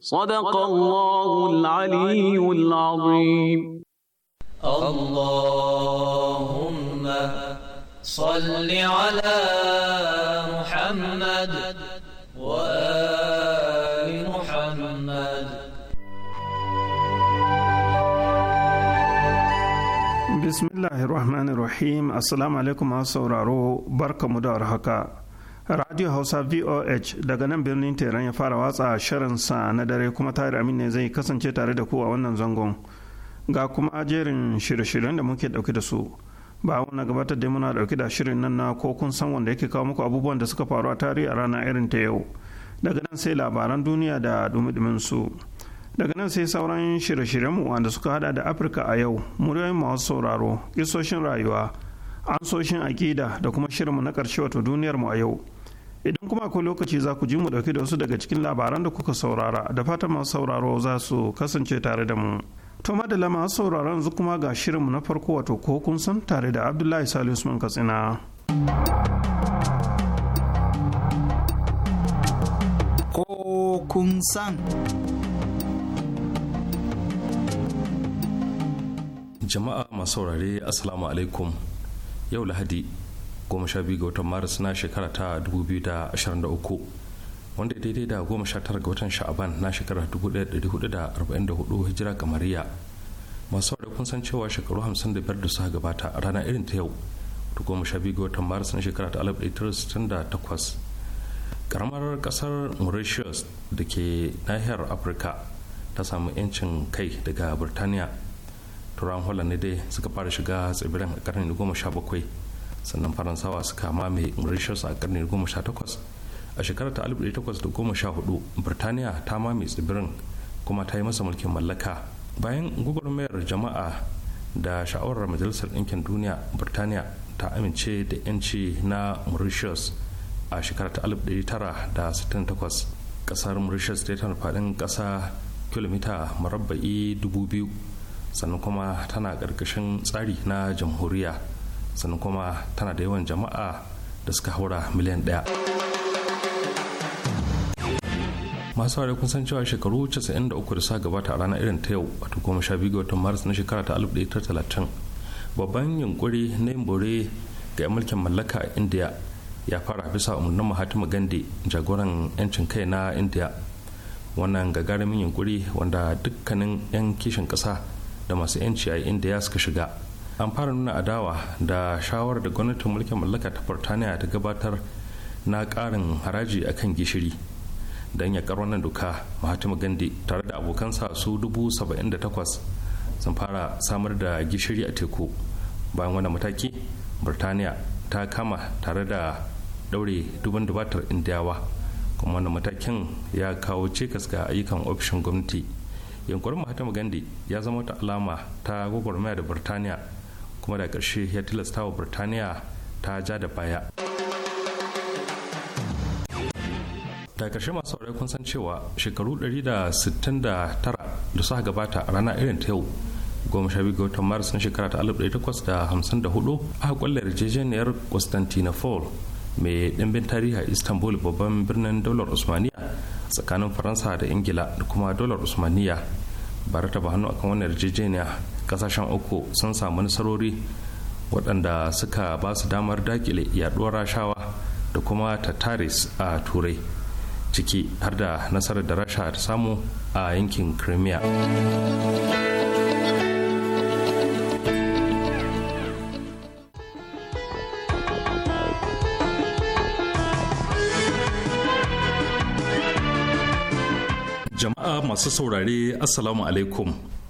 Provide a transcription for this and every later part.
صدق الله العلي العظيم اللهم صل على محمد وآل محمد بسم الله الرحمن الرحيم السلام عليكم ورحمة الله وبركاته radio hausa voh daga nan birnin teran ya fara watsa shirinsa na dare kuma tare amin ne zai kasance tare da ku a wannan zangon ga kuma ajerin shirye-shiryen da muke dauke da su ba na gabatar da muna dauke da shirin nan na ko kun san wanda yake kawo muku abubuwan da suka faru a tarihi a rana irin ta yau daga nan sai labaran duniya da dumi su daga nan sai sauran shirye-shiryenmu wanda suka hada da afirka a yau muryoyin masu sauraro kisoshin rayuwa ansoshin akida da kuma shirinmu na ƙarshe wato duniyarmu a yau idan kuma akwai lokaci za ku ji mu dauke da wasu daga cikin labaran da kuka saurara da fata masu sauraro za su kasance tare da mu to madalla masu sauraron yanzu kuma ga shirin mu na farko wato ko kun san tare da abdullahi salisu usman katsina ko kun san jama'a masu saurare assalamu alaikum yau lahadi goma sha biyu ga watan maris na shekara ta 2023 wanda daidai da goma sha tara ga watan sha'aban na shekara 1444 hijira kamariya masu wadda kun san cewa shekaru 55 da suka gabata a rana irin ta yau da goma sha biyu ga watan maris na shekara ta 1968 karamar kasar mauritius da ke nahiyar afirka ta samu 'yancin kai daga burtaniya turan holland ne dai suka fara shiga tsibirin a karni 17 sannan faransawa suka mame mauritius a karni 18 a shekarar ta 1814 birtaniya ta mamaye tsibirin kuma ta yi masa mulkin mallaka bayan gwagwarmayar jama'a da sha'awar majalisar ɗinkin duniya birtaniya ta amince da 'yanci na mauritius a shekarar ta 1968 ƙasar mauritius ta tana faɗin ƙasa kilomita marabba'i 2000 sannan kuma tana ƙarƙashin tsari na jamhuriya sannan kuma tana da yawan jama'a da suka haura miliyan ɗaya. masu ware kun san cewa shekaru 93 da sa gabata a ranar irin ta yau wato goma sha biyu ga watan maris na shekara ta 1930 babban yunkuri na yin bore ga 'yan mulkin mallaka a indiya ya fara bisa umarnin mahatma gandhi jagoran 'yancin kai na indiya wannan gagarumin yunkuri wanda dukkanin 'yan kishin kasa da masu 'yanci a indiya suka shiga an fara nuna adawa da shawarar da gwamnatin mulkin mallaka ta burtaniya ta gabatar na karin haraji akan gishiri don ya wannan doka mahatma gandhi tare da abokansa su dubu saba'in da takwas sun fara samar da gishiri a teku bayan wannan mataki burtaniya ta kama tare da daure duban dubatar indiyawa kuma wannan matakin ya kawo cikas ga ayyukan ofishin gwamnati yankurin mahatma gandhi ya zama wata alama ta gwagwarmaya da burtaniya kuma da karshe ya tilasta wa birtaniya ta ja da baya da ƙarshe masu saurari kun san cewa shekaru 169 da suka gabata a rana irin ta yau goma sha biyu ga watan maris na shekara ta 1854 aka kwallar yarjejeniyar constantinople mai ɗimbin tarihi a istanbul babban birnin daular usmaniya tsakanin faransa da ingila da kuma daular usmaniya bara ta ba hannu akan wannan yarjejeniya kasashen uku sun samu nasarori waɗanda suka ba su damar dakile yaɗuwar rashawa da kuma tataris a turai ciki har da nasarar da rasha ta samu a yankin crimea jama'a masu saurare assalamu alaikum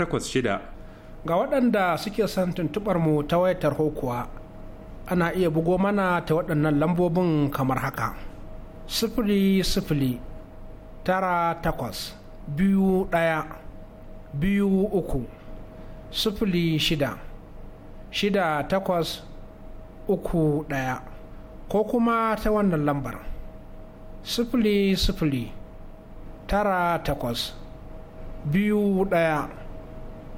0986-2986-86. ga waɗanda suke son tuntuɓarmu mu ta wayar tarho kuwa ana iya bugo mana ta waɗannan lambobin kamar haka sifili sifili tara takwas biyu ɗaya biyu uku sifili shida shida takwas uku ɗaya ko kuma ta wannan lambar sifili sifili tara takwas biyu ɗaya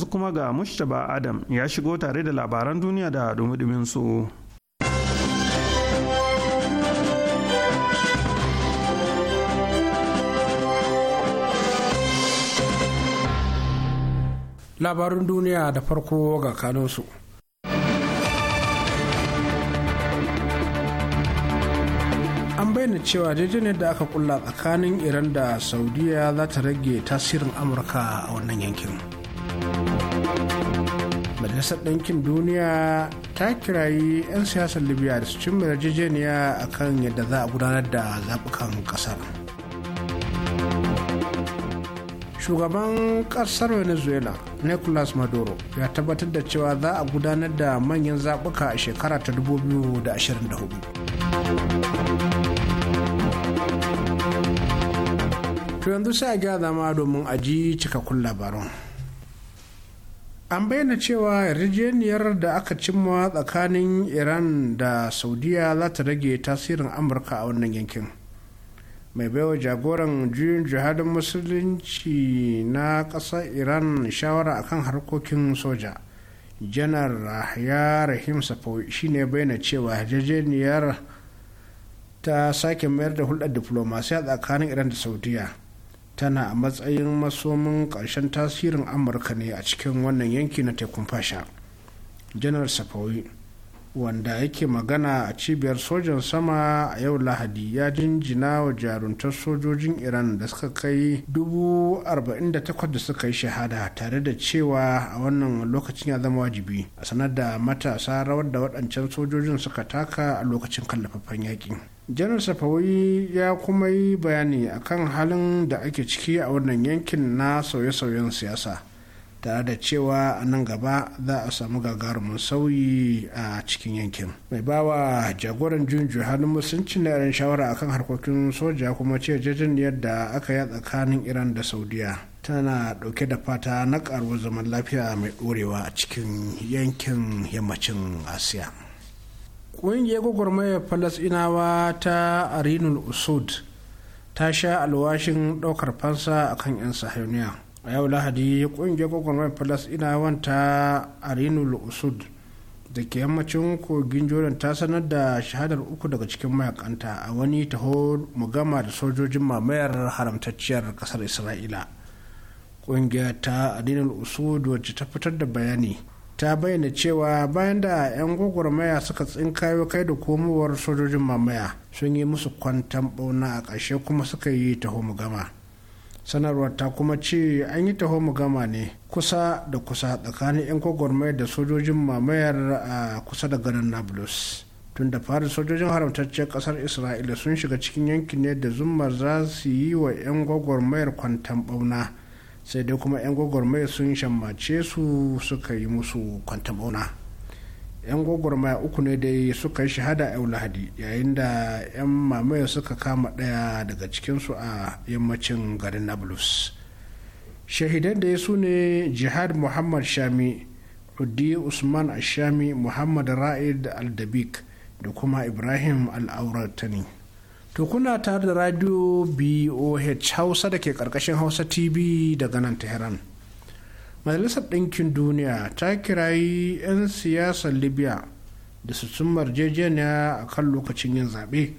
yanzu kuma ga Mustapha Adam ya shigo tare da labaran duniya da dumudumin su. Labarin duniya da farko ga kanunsu. an bayyana cewa jejjeniyar da aka kulla tsakanin iran da saudiya za ta rage tasirin amurka a wannan yankin. majalisar ɗinkin duniya ta kirayi 'yan siyasar libya da su cin yarjejeniya a kan yadda za a gudanar da zaɓukan ƙasar shugaban ƙasar venezuela nicolas maduro ya tabbatar da cewa za a gudanar da manyan zaɓuka a shekara ta 2024 to yanzu sai a gyara zama domin a ji cikakkun labarun an bayyana cewa yarjejeniyar da aka cimma tsakanin iran da saudiya za ta rage tasirin amurka a wannan yankin mai baiwa jagoran juyin jihadin musulunci na ƙasar iran shawara a kan harkokin soja janar ya rahim shi shine bayyana cewa yarjejeniyar ta sake mayar da hulɗar diflomasiya tsakanin iran da saudiya tana a matsayin masomin ƙarshen tasirin amurka ne a cikin wannan yanki na tekun fasha janar safawi wanda yake magana a cibiyar sojan sama a yau lahadi ya jinjina wa jaruntar sojojin iran da suka kai arba'in da suka yi shahada tare da cewa a wannan lokacin ya zama wajibi a sanar da matasa rawar da waɗancan sojojin suka taka a lokacin kallafafan yaƙi janar safawi ya kuma yi bayani akan halin da ake ciki a wannan yankin na sauye-sauyen siyasa tare da cewa a nan gaba za a samu gagarumin sauyi a cikin yankin mai bawa jagoran junju halin musulunci na irin shawara akan harkokin soja kuma ce jajin yadda aka yi tsakanin iran da saudiya tana dauke da fata na karuwar zaman lafiya mai dorewa a cikin yankin yammacin asiya ƙungiyar gwagwarmayar falasinawa ta arinul usud ta sha alwashin ɗaukar fansa a kan 'yan sahiyoniya a yau lahadi ƙungiyar gwagwarmayar falasɗinawa ta arinul usud da ke yammacin kogin jordan ta sanar da shahadar uku daga cikin mayakanta a wani taho mugama da sojojin mamayar haramtacciyar ƙasar isra'ila ƙungiyar ta arinul usud wacce ta fitar da bayani ta bayyana cewa bayan da 'yan gwagwarmaya suka tsinkayo kai da komowar sojojin mamaya sun yi musu kwantan bauna a ƙarshe kuma suka yi taho gama sanarwar ta kuma ce an yi taho gama ne kusa da kusa tsakanin 'yan gwagwarmaya da sojojin mamayar a kusa da garin nablus tun da fari sojojin haramtacciyar kasar isra'ila sun shiga cikin yankin ne da zumar za su yi wa 'yan gwagwarmayar kwantan bauna sai dai kuma 'yan gwagwarmaya sun shammace su suka yi musu kwantamona 'yan gwagwarmaya uku ne dai suka yi shahada a lahadi yayin da 'yan mamaya suka kama ɗaya daga cikinsu a yammacin garin nablus shahidan da su ne jihad muhammad shami uddi Usman Ashami Muhammad Ra'id Aldabik da kuma Ibrahim Al'auratani. To kuna tare da radio BOH Hausa da ke karkashin Hausa TV daga nan Tehran. Majalisar Ɗinkin Duniya ta kirayi 'yan siyasar Libya da su sun marjejeniya a kan lokacin yin zaɓe.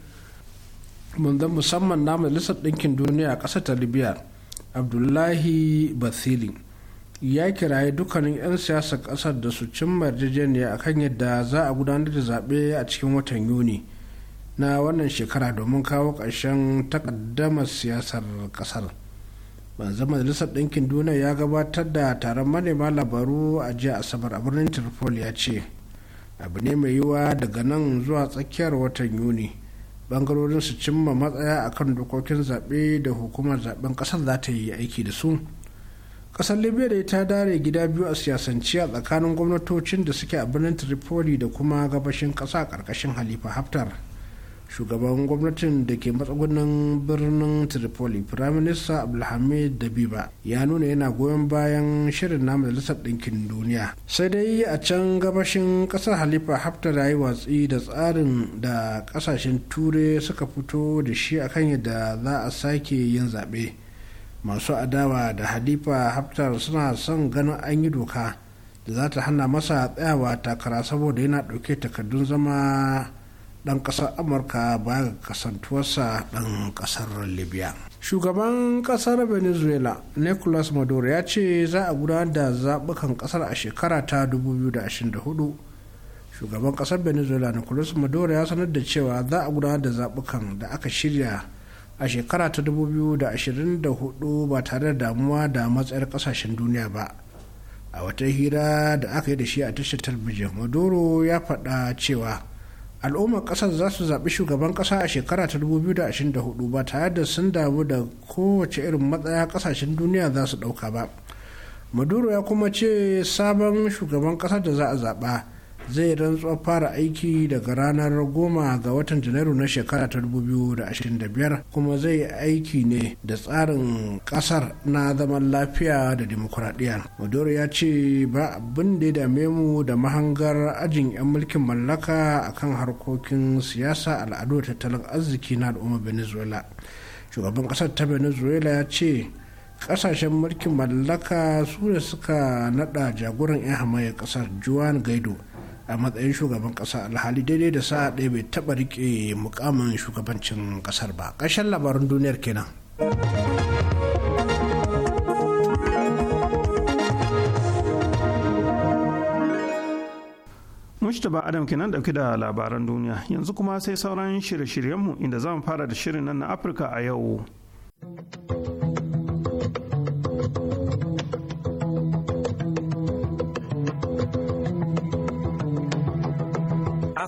Mundan musamman na Majalisar Ɗinkin Duniya a ƙasar ta Libya, Abdullahi Basili, ya kirayi dukkanin 'yan siyasar ƙasar da su cimma a akan yadda za a gudanar da zaɓe a cikin watan Yuni. na wannan shekara domin kawo ƙarshen takaddamar siyasar ƙasar banzan majalisar ɗinkin duniya ya gabatar da taron manema labaru a jiya asabar a birnin tripoli ya ce abu ne mai yiwuwa daga nan zuwa tsakiyar watan yuni bangarorin su cimma matsaya kan dokokin zaɓe da hukumar zaɓen ƙasar za ta yi aiki da su ƙasar libya da ta dare gida biyu a siyasance a tsakanin gwamnatocin da suke a birnin tripoli da kuma gabashin ƙasa ƙarƙashin halifa haftar shugaban gwamnatin da ke matsugunan birnin tripoli firaminista abdulhamid dabiba ya nuna yana goyon bayan shirin na majalisar ɗinkin duniya sai dai a can gabashin ƙasar halifa haftar ya yi watsi da tsarin da ƙasashen ture suka fito da shi akan yadda za a sake yin zaɓe masu adawa da halifa haftar suna son ganin an yi doka da za ta hana masa tsayawa takara saboda yana ɗauke takardun zama ɗan ƙasar amurka baya ga kasantuwarsa ɗan ƙasar libya shugaban ƙasar venezuela nicolas maduro ya ce za a gudanar da zaɓukan ƙasar a shekara ta 2024 shugaban ƙasar venezuela nicolas maduro ya sanar da cewa za a gudanar da zaɓukan da aka shirya a shekara ta 2024 ba tare da damuwa da matsayar ƙasashen duniya ba a wata hira da aka yi da shi a tashar talbijin maduro ya faɗa cewa al'ummar kasar za su zaɓi shugaban ƙasa a shekara ta 2024 ba tare da sun damu da kowace irin matsaya ƙasashen duniya za su ɗauka ba maduro ya kuma ce sabon shugaban ƙasar da za a zaɓa zai rantsuwar fara aiki daga ranar goma ga watan janairu na shekara ta 2025 kuma zai aiki ne da tsarin kasar na zaman lafiya da demokuraɗiyya maduro ya ce ba abin da ya dame mu da mahangar ajin 'yan mulkin mallaka a kan harkokin siyasa al'adu da tattalin arziki na al'umma venezuela shugaban kasar ta venezuela ya ce kasashen mulkin mallaka su da suka nada jagoran 'yan hamayar kasar juan gaido a matsayin shugaban kasa alhali daidai da sa ɗaya bai taɓa riƙe mukamin shugabancin ƙasar ba ƙarshen labarin duniyar kenan mushtaba Adam kenan dauke da labaran duniya yanzu kuma sai sauran shirye-shiryenmu inda zamu fara da shirin nan na Afirka a yau.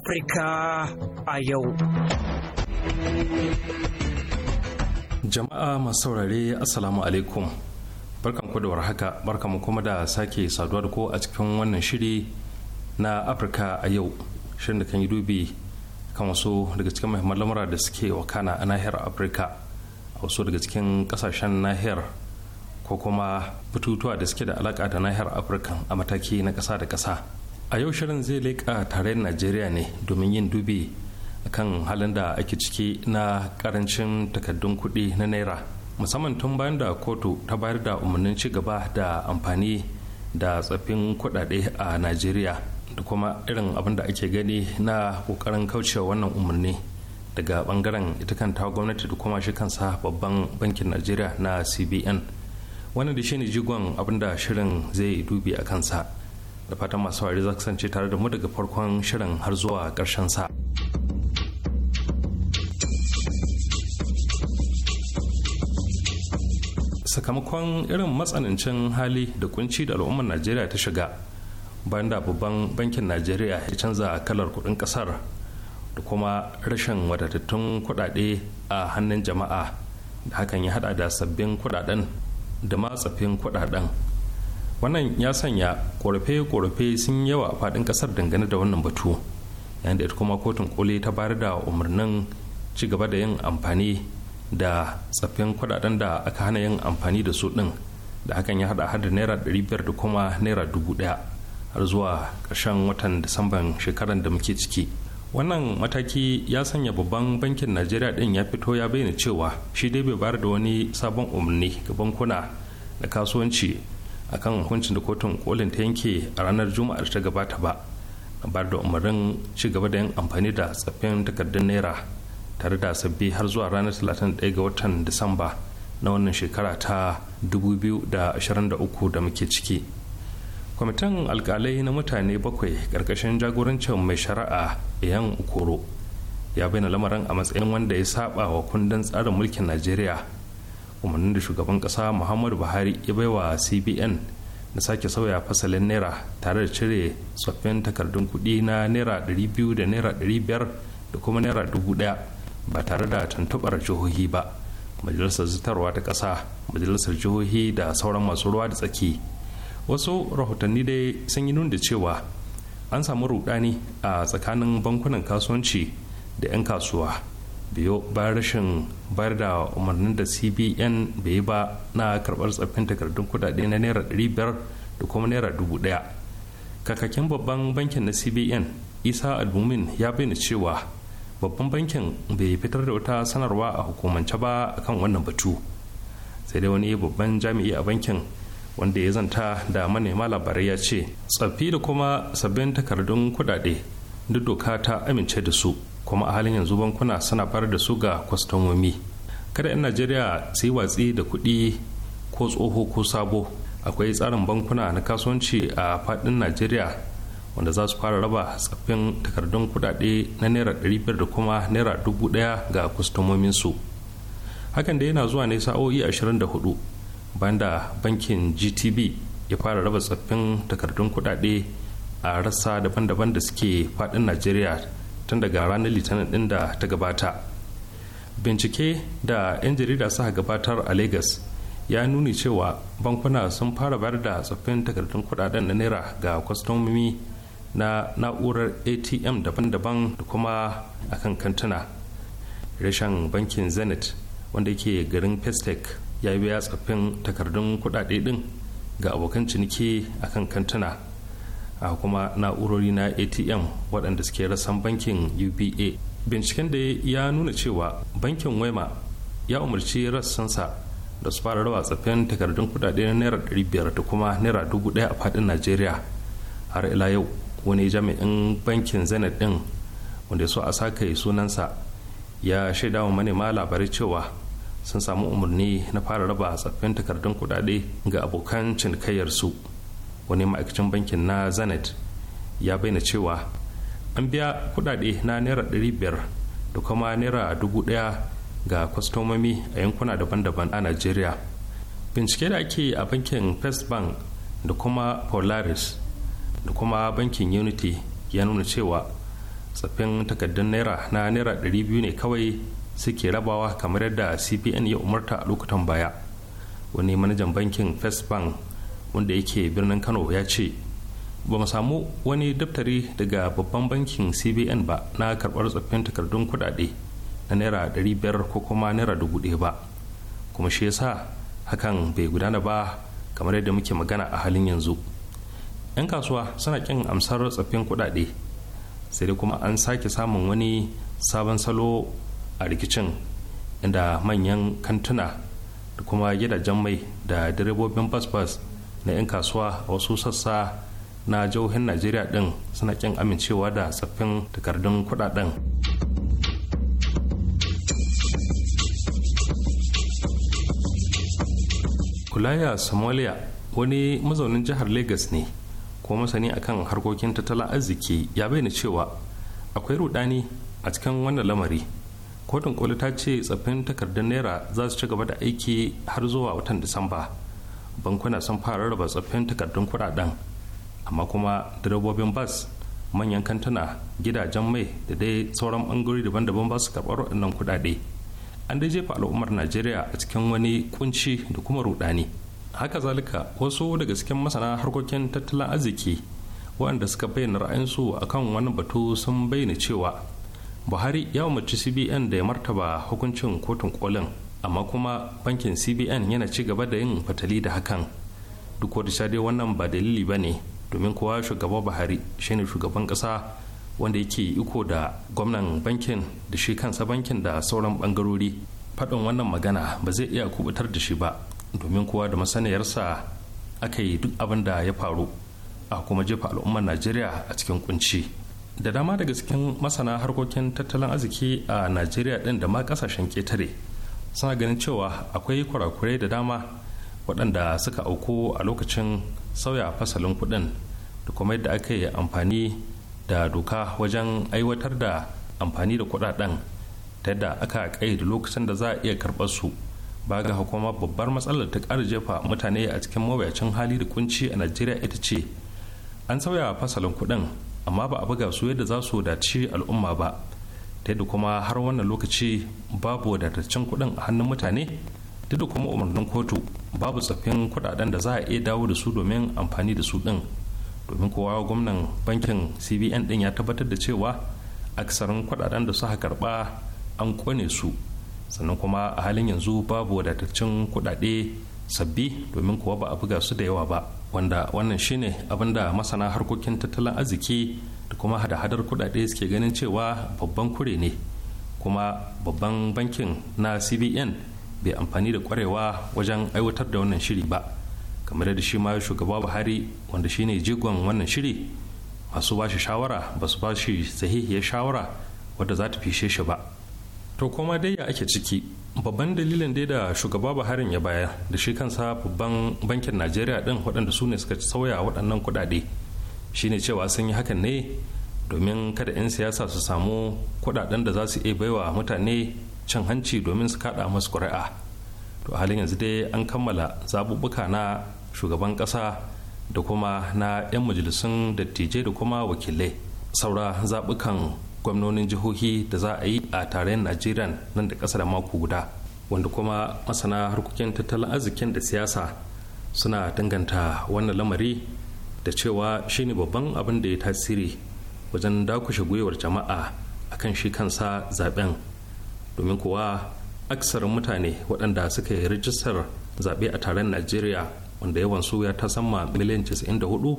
Afirka a yau. Jama'a masu saurare Assalamu alaikum. Barkan ku da warhaka, barkan mu kuma da sake saduwa da ko a cikin wannan shiri na Afrika a yau. Shirin da kan yi dubi kan wasu daga cikin muhimman lamura da suke wakana a nahiyar Afirka a wasu daga cikin kasashen nahiyar ko kuma bututuwa da suke da alaka da nahiyar Afirka a mataki na ƙasa da kasa a yau shirin zai leƙa tarayyar najeriya ne domin yin dubi kan halin da ake ciki na karancin takardun kuɗi na naira musamman tun bayan da kotu ta bayar da umarnin ci gaba da amfani da tsaffin kuɗaɗe a najeriya da kuma irin abin da ake gani na ƙoƙarin kaucewa wannan umarni daga bangaren ita kan ta gwamnati da kuma shi kansa babban bankin najeriya na cbn wannan da shi ne jigon abin da shirin zai dubi a kansa da fatan masu wari za kasance tare da mu daga farkon shirin har zuwa ƙarshen sa. sakamakon irin matsanancin hali da kunci da al'ummar najeriya ta shiga bayan da babban bankin najeriya ya canza kalar kudin kasar da kuma rashin wadatattun kudade a hannun jama'a da hakan ya hada da sabbin kudaden da matsafin kudaden wannan ya sanya korafe-korafe sun yawa a faɗin ƙasar dangane da wannan batu yayin da ita kuma kotun koli ta bayar da umarnin ci gaba da yin amfani da tsaffin kudaden da aka hana yin amfani da su ɗin da hakan ya haɗa da naira biyar da kuma naira dubu ɗaya har zuwa ƙarshen watan disamban shekarar da muke ciki wannan mataki ya sanya babban bankin najeriya din ya fito ya bayyana cewa shi dai bai bayar da wani sabon umarni ga bankuna da kasuwanci akan hukuncin da kotun kolin ta yanke a ranar juma'ar ta gabata ba bar da umarnin ci gaba da yin amfani da tsaffin takardun naira tare da sabbi har zuwa ranar 31 ga watan disamba na wannan shekara ta 2023 da muke ciki kwamitin alkalai na mutane bakwai karkashin jagorancin mai shari'a yan ukoro ya bayyana lamarin a matsayin wanda ya saba wa kundin tsarin mulkin najeriya umarnin da shugaban kasa muhammadu buhari ya baiwa cbn na sake sauya fasalin naira tare da cire tsoffin takardun kuɗi na naira 200 da naira 500 da kuma naira 1000 ba tare da tuntubar jihohi ba majalisar zutarwa ta ƙasa majalisar jihohi da sauran masu ruwa da tsaki wasu rahotanni dai sun yi nuna cewa an samu rudani a tsakanin bankunan kasuwanci da 'yan kasuwa biyo bayan rashin bayar da umarnin da cbn bai ba na karbar tsaffin takardun kudade na naira biyar da kuma naira dubu 1000 kakakin babban bankin na cbn isa albumin ya bayyana cewa babban bankin bai fitar da wata sanarwa a hukumance ba akan wannan batu sai dai wani babban jami'i a bankin wanda ya zanta da manema labarai ya ce tsaffi da kuma sabbin takardun kudade duk doka ta amince da su kuma a halin yanzu bankuna suna fara da su ga kwastomomi kada 'yan najeriya su yi watsi da kuɗi ko tsoho ko sabo akwai tsarin bankuna na kasuwanci a faɗin najeriya wanda za su fara raba tsaffin takardun kuɗaɗe na naira biyar da kuma naira dubu 1000 ga su hakan da yana zuwa ne sa'o'i 24 bayan da bankin gtb ya fara raba tsaffin takardun kuɗaɗe a rassa daban-daban da suke faɗin najeriya tun daga ranar litinin din da ta gabata bincike da 'yan jarida suka gabatar a lagos ya nuni cewa bankuna sun fara bayar da tsoffin takardun kudaden na naira ga kwastomomi na na'urar atm daban-daban da kuma akan kantuna rashin bankin zenith wanda ke garin pestec ya biya tsoffin takardun kudade din ga abokan ciniki akan kantuna a kuma na'urori na atm waɗanda suke rasan bankin uba binciken da ya nuna cewa bankin wema ya umarci rassansa da su fara rawa tsafin takardun kudade na naira biyar da kuma naira dubu 1000 a fadin najeriya har ila yau wani jami'in bankin zenith din wanda so a saka sunansa ya shaida wa manema labarai cewa sun samu umarni na fara raba tsaffin takardun kudade ga abokan cinikayyarsu wani ma'aikacin bankin na zenith ya bayyana cewa an biya kudade na naira 500 da kuma naira dubu 1000 ga kwastomomi a yankuna daban-daban a nigeria bincike da ake a bankin first bank da kuma polaris da kuma bankin unity ya nuna cewa tsaffin takardun naira na naira biyu ne kawai suke rabawa kamar yadda cbn ya umarta a lokutan baya wani manajan bankin first bank wanda yake birnin kano ya ce ba mu samu wani daftari daga babban bankin cbn ba na karɓar tsoffin takardun kudade na naira biyar ko kuma naira 1000 ba kuma shi yasa hakan bai gudana ba kamar yadda muke magana a halin yanzu 'yan kasuwa suna kin amsar tsoffin kudade sai dai kuma an sake samun wani sabon salo a rikicin inda manyan kantuna da kuma gidajen mai da direbobin bas-bas na 'yan kasuwa a wasu sassa na jihohin najeriya din suna kin amincewa da tsaffin takardun kudaden kulaya somalia wani mazaunin jihar lagos ne ko masani akan harkokin tattalin arziki ya bayyana cewa akwai rudani a cikin wannan lamari kotun koli ta ce tsaffin takardun naira za su ci gaba da aiki har zuwa watan disamba bankuna sun fara raba tsoffin takardun kuɗaɗen amma kuma direbobin bas manyan kantuna gidajen mai da dai sauran bangarori daban-daban ba su karɓar waɗannan kuɗaɗe an dai jefa al'ummar najeriya a cikin wani kunci da kuma rudani haka zalika wasu daga cikin masana harkokin tattalin arziki waɗanda suka bayyana ra'ayinsu a kan wani batu sun bayyana cewa buhari ya umarci cbn da ya martaba hukuncin kotun kolin amma kuma bankin cbn yana ci gaba da yin fatali da hakan duk sha dai wannan ba dalili ba ne domin kowa shugaba buhari shine shugaban ƙasa wanda yake iko da gwamnan bankin da shi kansa bankin da sauran bangarori faɗin wannan magana ba zai iya kubutar da shi ba domin kowa da masaniyarsa aka yi duk abin da ya faru a kuma jefa al'ummar najeriya a cikin kunci da dama daga cikin masana harkokin tattalin arziki a najeriya ɗin da ma ƙasashen ƙetare suna ganin cewa akwai kurakurai da dama waɗanda suka auku a lokacin sauya fasalin kuɗin da kuma yadda aka yi amfani da doka wajen aiwatar da amfani da kuɗaɗen ta yadda aka da lokacin da za a iya karɓar su ba ga hukuma babbar matsalar ta ƙara jefa mutane a cikin mawuyacin hali da kunci a najeriya ita ce an sauya fasalin kuɗin amma ba a buga su yadda za su dace al'umma ba ta yadda kuma har wannan lokaci babu wadataccen kuɗin a hannun mutane duk da kuma umarnin kotu babu tsaffin kuɗaɗen da za a iya dawo da su domin amfani da su ɗin domin kowa gwamnan bankin cbn ɗin ya tabbatar da cewa aksarin kuɗaɗen da suka karɓa an kone su sannan kuma a halin yanzu babu wadataccen kuɗaɗe sabbi domin kowa ba a buga su da yawa ba wanda wannan shine abin da masana harkokin tattalin arziki da kuma hada-hadar kudade suke ganin cewa babban kure ne kuma babban bankin na cbn bai amfani da kwarewa wajen aiwatar da wannan shiri ba kamar da shi ma shugaba buhari wanda shine jigon wannan shiri masu ba shi shawara ba su ba shi sahihiyar shawara wadda za ta fishe shi ba to kuma dai ya ake ciki babban dalilin dai da shugaba buharin ya bayar da shi kansa babban bankin najeriya din waɗanda su ne suka sauya waɗannan kuɗaɗe shine cewa sun yi hakan ne domin kada 'yan siyasa su samu kudaden da za su iya baiwa mutane cin hanci domin su kada masu kuri'a to halin yanzu dai an kammala zaɓuɓɓuka na shugaban ƙasa da kuma na 'yan majalisun dattijai da kuma wakilai saura zaɓukan gwamnonin jihohi da za a yi a tarayyar najeriya nan da ƙasa da mako guda wanda kuma masana harkokin tattalin arzikin da siyasa suna danganta wannan lamari da cewa shine babban abin da ya tasiri wajen dakushe gwiwar jama'a a kan shi kansa zaben domin kuwa aksarin mutane waɗanda suka yi rijistar zaɓe a taron najeriya wanda yawansu ya tasamma miliyan 94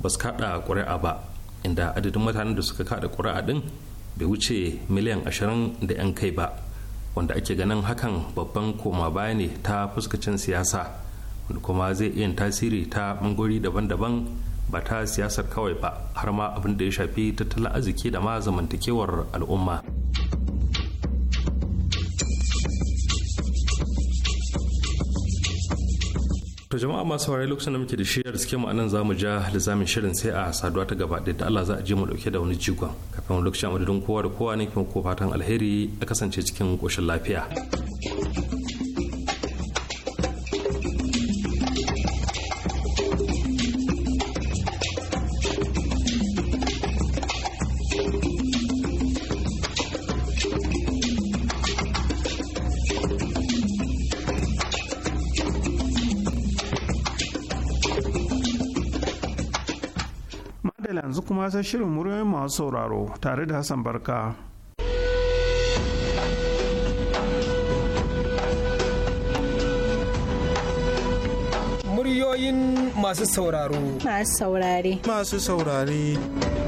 ba su kaɗa ƙuri'a ba inda adadin mutanen da suka kaɗa ƙuri'a ɗin bai wuce miliyan 20 da 'yan kai ba wanda ake ganin hakan babban koma baya ne ta fuskacin siyasa kuma zai iya tasiri ta bangori daban-daban ba ta siyasar kawai ba har ma abin da ya shafi tattalin arziki da ma zamantakewar al'umma. To jama'a masu wari lokacin da muke da shi da suke mu anan zamu ja da lizamin shirin sai a saduwa ta gaba da Allah za a je mu dauke da wani jigon kafin wani lokacin amurin kowa da kowa ne kuma ko fatan alheri a kasance cikin koshin lafiya. kuma sai shirin muryoyin masu sauraro tare da Hassan Barka. Muryoyin masu sauraro. Masu saurare. Masu saurare.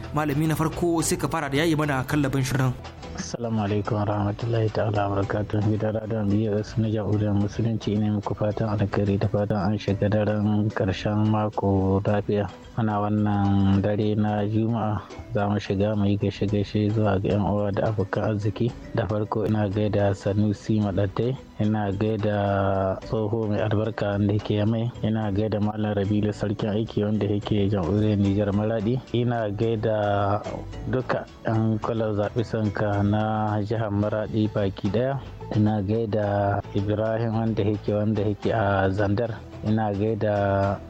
malami na farko sai ka fara da yayi mana kallabin shirin Assalamu alaikum warahmatullahi ta'ala barakatuh gidan radon BOS na jamhuriyar musulunci ne muku fatan alkhairi da fatan an shiga daren karshen mako lafiya. Ana wannan dare na juma'a za mu shiga mu yi gaishe-gaishe zuwa ga yan uwa da abokan arziki da farko ina gaida sanusi madatte ina gaida tsoho mai albarka wanda yake yamai ina gaida malam rabilu sarkin aiki wanda yake jamhuriyar nijar maradi ina gaida duka yan kwalar zaɓi sanka na jihar maradi baki daya ina gaida ibrahim wanda yake wanda yake a zandar ina gaida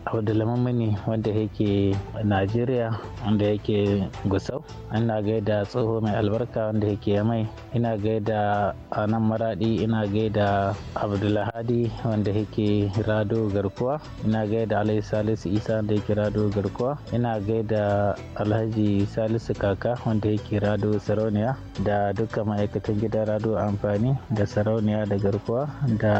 abdulmamani wanda yake najeriya wanda yake gusau ina gaida tsoho mai albarka wanda yake mai ina gaida anan maradi ina gaida abdulhadi wanda yake rado garkuwa ina gaida alhaji salisu isa wanda yake rado garkuwa ina gaida alhaji salisu kaka wanda yake rado sarauniya da duka ma'aikatan gida rado amfani da sarauniya da garkuwa da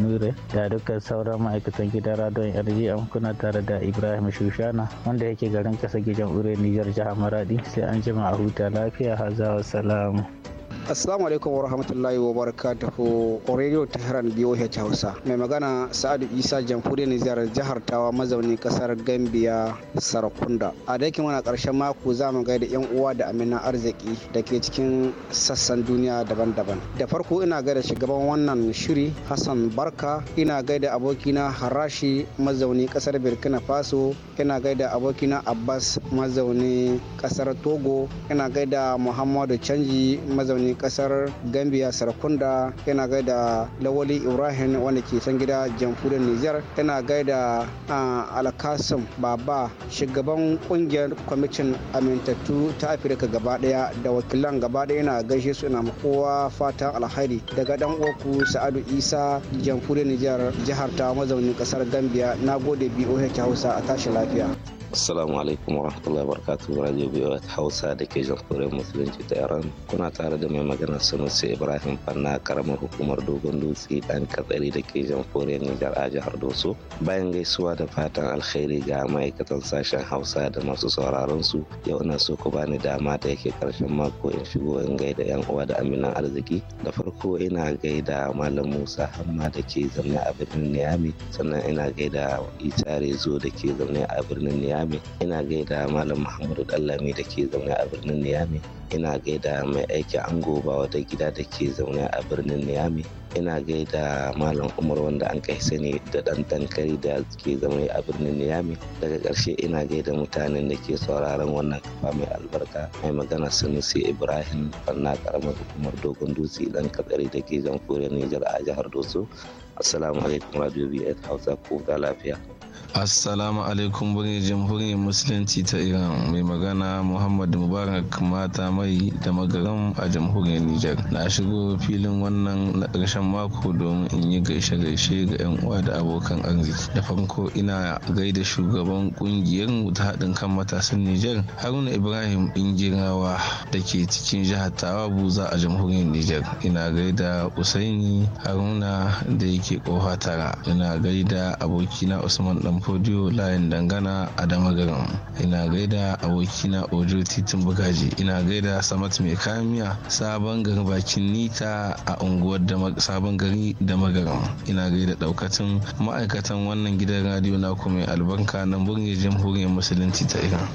nure da dukkan sauran ma'aikatan gidan radon a kuna tare da ibrahim shushana wanda yake garin kasa gidan ure niger jihar maradi sai an jima a huta lafiya hazawa salamu Assalamu alaikum wa rahmatullahi wa ko Radio Tehran BOH Hausa. Mai magana Sa'adu Isa ne Nijar jihar Tawa mazaunin kasar Gambia Sarakunda. A dakin wani karshen mako za mu gaida yan uwa da amina arziki da ke cikin sassan duniya daban-daban. Da farko ina gaida shugaban wannan shiri Hassan Barka, ina gaida abokina Harashi mazauni kasar Burkina Faso, ina gaida abokina Abbas mazauni kasar Togo, ina gaida Muhammadu Canji mazauni kasar gambia sarakunda yana gaida lawali ibrahim wanda ke can gida jamhuriyar niger yana gaida alkasim baba shugaban kungiyar kwamitin amintattu ta afirka gaba daya da wakilan gaba daya yana gaishe su ina kowa fatan alhari daga dan uku sa'adu isa jamhuriyar niger jihar ta mazaunin kasar gambia na gode boh hausa a tashi lafiya Assalamu alaikum wa rahmatullahi wa barakatuhu Radio BOA Hausa da ke jamhuriyar Musulunci ta Iran. Kuna tare da mai magana sunusi ibrahim fanna karamar hukumar dogon dutse dan katsari da ke jamhuriyar nijar a jihar doso bayan gaisuwa da fatan alkhairi ga ma'aikatan sashen hausa da masu sauraron su yau na so ku bani dama da yake karshen mako in shigo in gaida yan uwa da aminan arziki da farko ina gaida malam musa hamma da ke zaune a birnin niyami sannan ina gaida itare zo da ke zaune a birnin niyami ina gaida malam muhammadu dallami da ke zaune a birnin niyami ina gaida mai aikin ango ba wata gida da ke zaune a birnin niyami ina gaida malam umar wanda an kai sani da dan tankari da ke zaune a birnin niyami daga ƙarshe ina gaida mutanen da ke sauraron wannan kafa mai albarka mai magana sanusi ibrahim fanna karamar hukumar dogon dutse dan katsari da ke zamfore nijar a jihar doso assalamu alaikum radio bs hausa ko lafiya Assalamu alaikum birnin jamhuriyar musulunci ta Iran mai magana Muhammad Mubarak mata mai da magaram a jamhuriyar Nijar. Na shigo filin wannan na ƙarshen mako domin in yi gaishe-gaishe ga 'yan uwa da abokan arziki. Da farko ina gaida shugaban kungiyar ta haɗin kan matasan Nijar Haruna Ibrahim Ingirawa da ke cikin jihar Tawa Buza a jamhuriyar Nijar. Ina gaida Usaini Haruna da yake ƙofa tara. Ina gaida abokina Usman Dan dan fodiyo layin dangana a damagaram ina gaida abokina ojo titin bugaji ina gaida samat mai kamiya sabon garin bakin nita a unguwar sabon gari damagaram ina gaida daukacin ma'aikatan wannan gidan radio na kuma albarka nan burin jamhuriyar musulunci ta iran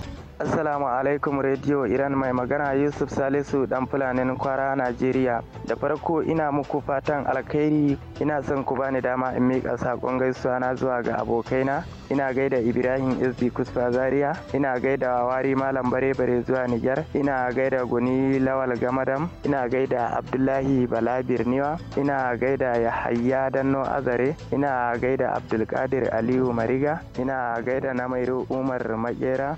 Assalamu alaikum Radio Iran mai magana Yusuf Salisu dan Fulanin Kwara Najeriya. Da farko ina muku fatan alkhairi ina son ku bani dama in miƙa saƙon gaisuwa na zuwa ga abokaina. Ina gaida Ibrahim Izbi Kusfa Zaria, ina gaida Wari Malam Bare Bare zuwa Niger, ina gaida Guni Lawal Gamadam, ina gaida Abdullahi Bala Birniwa, ina gaida Yahaya Danno Azare, ina gaida Abdulkadir Aliyu Mariga, ina gaida Namairu Umar Makera,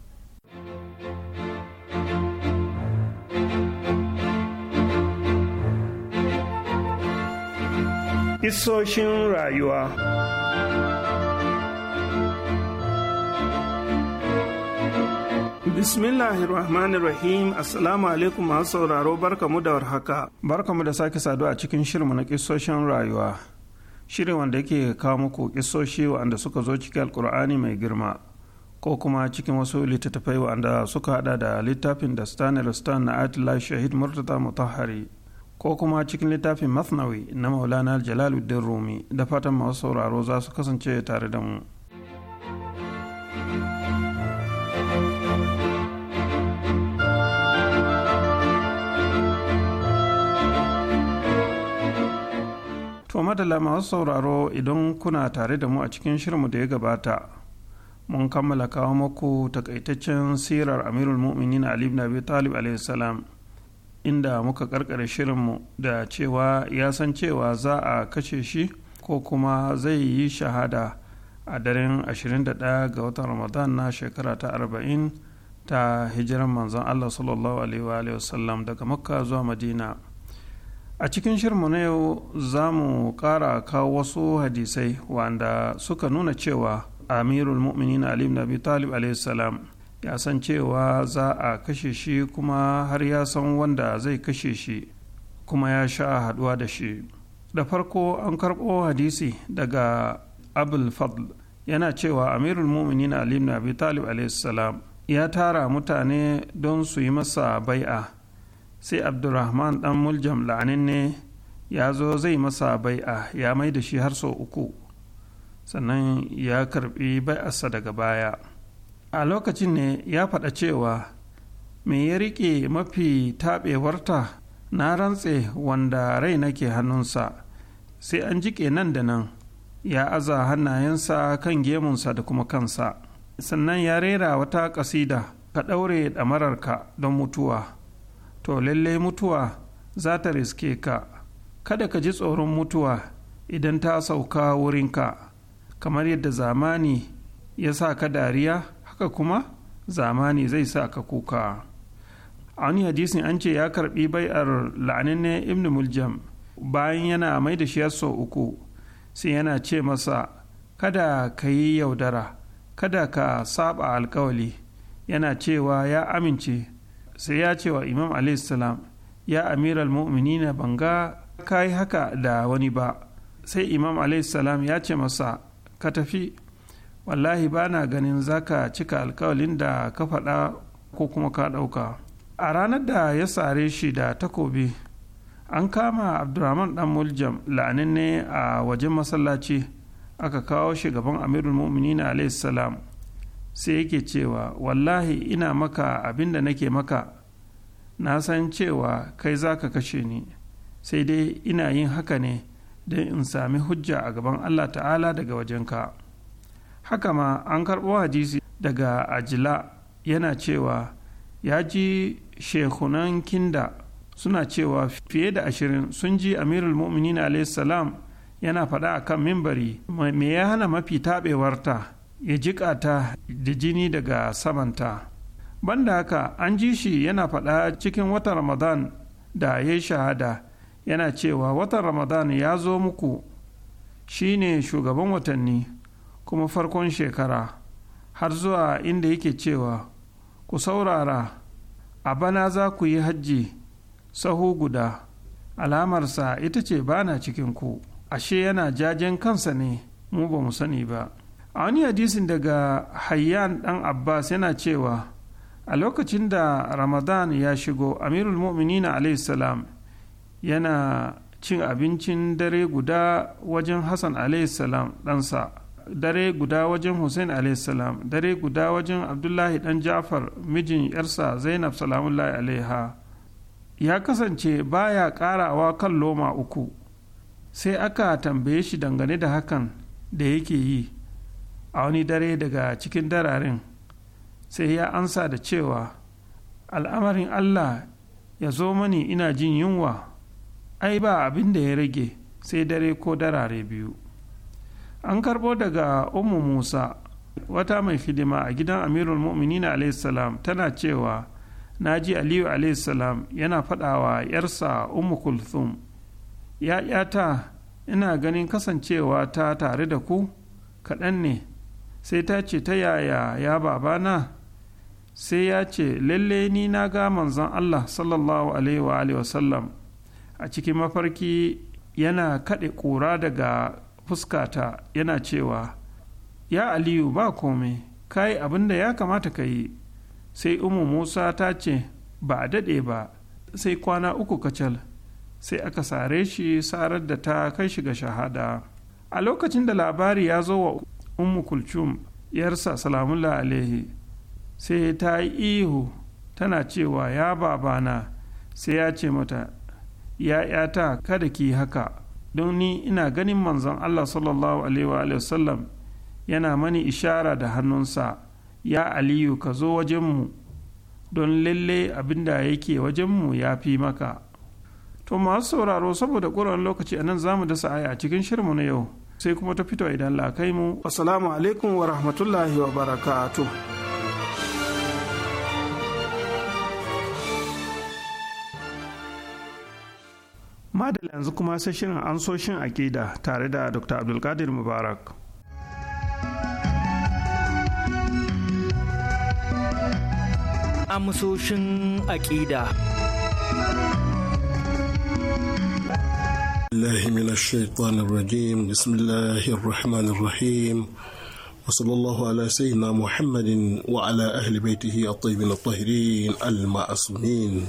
Isoshin rayuwa. Bismillahirrahmanirrahim Assalamu alaikum masu sauraro barkamu da warhaka. Barkamu da sake sadu a cikin shirmu na kisoshin rayuwa. Shirin wanda yake kawo muku kisoshi wanda suka zo cikin alkur'ani mai girma ko kuma cikin wasu littattafai wanda suka hada da littafin da Stanley Stan na Atila Shahid Murtata Mutahari. ko kuma cikin littafin masnawi na maulana jalaluddin rumi da fatan masu sauraro za su kasance tare da mu to madalla masu sauraro idan kuna tare da mu a cikin shirinmu da ya gabata mun kammala kawo muku takaitaccen sirar amirul mu'minin ali ibn abi talib alaihi salam inda muka karkare shirinmu da cewa ya san cewa za a kashe shi ko kuma zai yi shahada a daren 21 ga watan ramadan na shekara ta 40 ta hijiran manzon allah sallallahu alaihi wasallam daga makka zuwa madina a cikin shirinmu na yau za mu kara kawo wasu hadisai wanda suka nuna cewa amirul mu'minin ali ibn abi talib alaihi salam ya san cewa za a kashe shi kuma har ya san wanda zai kashe shi kuma ya sha haɗuwa da shi da farko an karɓo hadisi daga abul fadl yana cewa amirul muminin ali ibn abi talib salam ya tara mutane don su yi masa bai'a sai abdulrahman dan muljam la'anin ne ya zo zai masa bai'a ya mai da shi har sau uku sannan ya karɓi bai'arsa daga baya a lokacin ne ya faɗa cewa me ya riƙe mafi taɓewarta na rantse wanda rai nake hannunsa sai an jiƙe nan da nan ya aza hannayensa kan gemunsa da kuma kansa sannan ya rera wata ƙasida ka ɗaure ɗamararka don mutuwa to lallai mutuwa za ta riske ka kada ka ji tsoron mutuwa idan ta sauka wurinka kamar yadda zamani ya sa ka dariya haka kuma zamani zai sa ka kuka a wani hadisin an ce ya karbi bai'ar la'anin ne ibn muljam bayan yana mai da shiyar sau uku sai yana ce masa kada ka yi yaudara kada ka saba alkawali yana cewa ya amince sai ya ce wa imam salam ya amiral mumini na banga ka yi haka da wani ba sai imam salam ya ce masa ka tafi wallahi ba na ganin zaka cika alkawalin da ka faɗa ko kuma ka ɗauka a ranar da ya sare shi da takobi an kama abdurrahman dan muljam ne a wajen masallaci aka kawo shi gaban amirul mu'minin salam sai yake cewa wallahi ina maka abin da nake maka na san cewa kai za ka kashe ni sai dai ina yin haka ne don in sami hujja a gaban allah ta'ala daga wajenka haka ma an karɓo hadisi daga ajila yana cewa ya ji shekunan kinda suna cewa fiye da ashirin sun ji amirul mu'minin salam yana faɗa a kan mimbari me ya hana mafi taɓewarta ya jiƙa ta da jini daga samanta banda haka an ji shi yana faɗa cikin watan ramadan da ya shahada yana cewa watan ramadan ya zo muku shine shugaban watanni kuma farkon shekara har zuwa inda yake cewa ku saurara a bana za ku yi hajji sahu guda alamarsa ita ce bana cikin ku ashe yana jajen kansa ne mu ba mu sani ba a wani hadisin daga hayyan dan abbas yana cewa a lokacin da ramadan ya shigo amirul mu'minina salam yana cin abincin dare guda wajen hassan salam ɗansa dare guda wajen hussein a.s. dare guda wajen abdullahi dan jafar mijin yarsa zainab salamullahi alaiha ya kasance baya karawa kan loma uku sai aka tambaye shi dangane da hakan da yake yi a wani dare daga cikin dararen sai ya ansa da cewa al'amarin allah ya zo mani ina jin yunwa ai ba abin da ya rage sai dare ko darare biyu an karbo daga ummu musa wata mai fidima a gidan amirul mu'minin salam tana cewa na ji aliyu salam yana fadawa yarsa ummu kulthum ‘ya'yata ina ganin kasancewa ta tare da ku kaɗan ne sai ta ce ta yaya ya babana sai ya ce lalle ni na ga manzon allah sallallahu alaihi wa sallam a cikin mafarki yana kaɗe ƙura daga fuskata yana cewa ya aliyu ba komai ka yi abin da ya kamata ka yi sai umu musa ta ce ba a daɗe ba sai kwana uku kacal sai aka sare shi sarar da ta kai shi ga shahada a lokacin da labari ya zo wa umu kulcum yarsa salamullah alaihi sai ta yi ihu tana cewa ya babana sai ya ce mata ‘ya'yata kada ki haka don ni ina ganin manzon Allah sallallahu alaihi wasallam yana mani ishara da hannunsa ya aliyu ka zo wajenmu don lalle abinda yake wajenmu ya fi maka to masu sauraro saboda ƙuran lokaci a nan za mu dasa aya a cikin shirmu na yau sai kuma ta fito idan la kai mu assalamu alaikum wa rahmatullahi wa barakatuh madalla yanzu kuma sai shirin an so shin aƙida tare da dr abdulkadir mubarak amsoshin aƙida الله من الشيطان الرجيم بسم الله الرحمن الرحيم وصلى الله على سيدنا محمد وعلى أهل بيته الطيبين الطاهرين المعصومين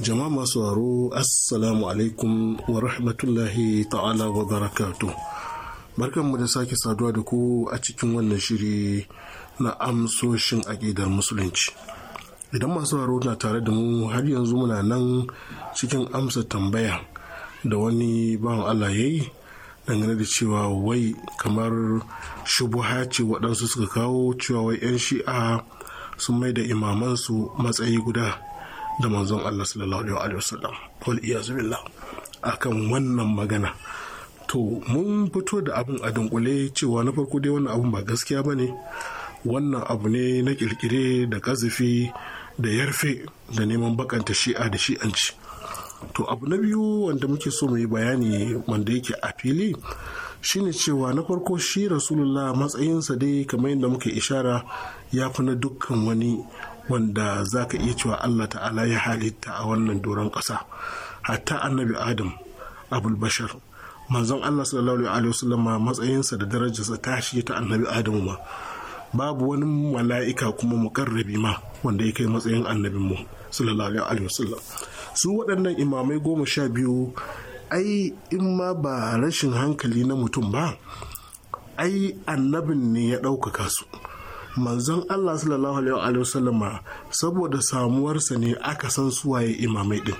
jama'a masu waro assalamu alaikum wa rahmatullahi ta'ala wa barakatu barkanmu da sake saduwa da ku a cikin wannan shiri na amsoshin aƙidar musulunci idan masu waro na tare da mu har yanzu muna nan cikin amsa tambaya da wani bawan allah ya yi dangane da cewa wai kamar shubuha ce waɗansu suka kawo cewa wai 'yan shi'a sun mai da imamansu matsayi guda da manzon Allah sallallahu alaihi wasallam wal iyazu billah akan wannan magana to mun fito da abun a dunkule cewa na farko dai wannan abin ba gaskiya ba ne wannan abu ne na kirkire da kazafi da yarfe da neman bakanta shi'a da shi'anci to abu na biyu wanda muke so mu yi bayani wanda yake a fili shine cewa na farko shi rasulullah matsayinsa dai kamar yadda muke ishara ya fi na dukkan wani wanda za ka iya cewa Allah ta'ala ya halitta a wannan doron ƙasa hatta annabi adam bashar manzon Allah sallallahu alaihi wasallama matsayinsa da darajarsa ta shi ta annabi adam ma babu wani mala'ika kuma muqarrabi ma wanda ya kai matsayin annabin mu sallallahu alaihi wasallam su waɗannan imamai goma sha biyu ai in ma ba rashin hankali na mutum ba ai annabin ne ya ɗaukaka su manzon Allah sallallahu alaihi sallam saboda samuwarsa ne aka san su waye imamai din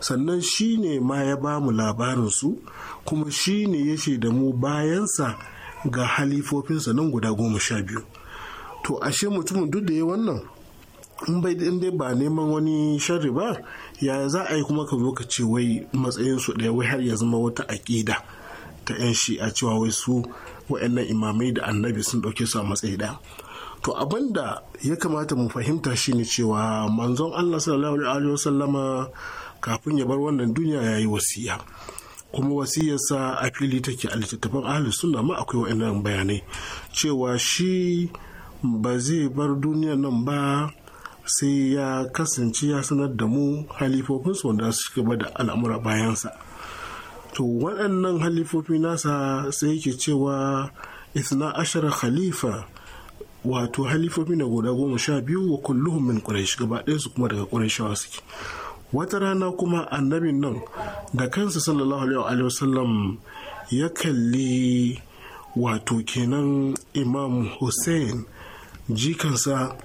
sannan shi ne ma ya ba mu labarin su kuma shi ne ya da mu bayansa ga halifofinsa nan guda goma sha biyu to ashe mutumin duk da ya wannan in bai din dai ba neman wani sharri ba ya za a yi kuma ka zo ka ce wai matsayin su ɗaya wai har ya zama wata aƙida ta 'yan a cewa wai su wa'annan imamai da annabi sun ɗauke su a matsayi ɗaya to abin da ya kamata mu fahimta shine cewa manzon Allah sallallahu alaihi sallama kafin ya bar wannan duniya ya yi wasiya kuma wasiyarsa a fili take a littattafan ahli sunna ma akwai wa'annan bayanai cewa shi ba zai bar duniya nan ba sai ya kasance ya sanar da mu halifofin halifofinsu wanda su ba da al'amura bayansa to waɗannan halifofi nasa sai yake cewa isna ashara khalifa wato halifofi na guda goma sha biyu wa kulluhun min quraish gaba ɗaya su kuma daga qurayshawa suke wata rana kuma annabin nan da kansa sallallahu alaihi wasallam ya kalli wato kenan imam hussein jikansa